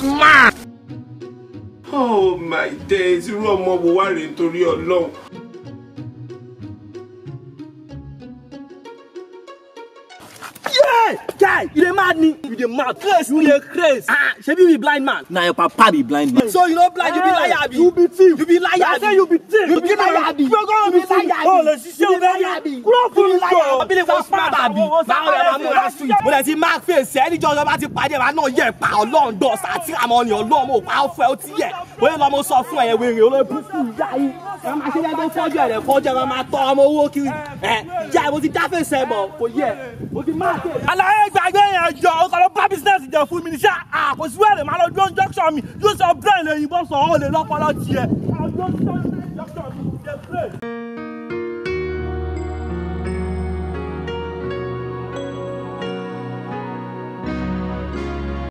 this oh my days irú ọmọ wo wá rèé nítorí ọlọ́run. guy you dey mad ni you dey mad craze you dey craze ah shebi be blind man na your papa be blind man so you no blind you be eh, liar be you be thief you be liar be i say you be thief you be liar be you be liar oh, be o le sise o be liar be kúrò fún mi jọ àbí báwọn ẹ̀ máa múra sí i mo lè ti máa fèsì ẹni jọjọ bá ti pàdé ẹ̀ máa náà yẹ pa ọlọ́run dọ̀ sátìràmọ́ ni ọlọ́run ò pa ó fẹ́ ó ti yẹ bóyá lọ́ mo sọ fún ẹ̀yẹ wèrè olóògùn fún ìyá yìí ẹ máa ṣe lẹ́gbẹ́ fọ́jú ẹ̀rẹ̀ fọ́jú ẹ̀rọ máa tọ́ ọmọ owó kiri ẹ já mo ti dáfẹ̀sẹ̀ mọ̀ kò yẹ mo gbàgbé yẹn jọ o kọ́ ló bá bísíǹnẹ̀sì jẹ fún mi níṣẹ́ àkóso máa lọ dúró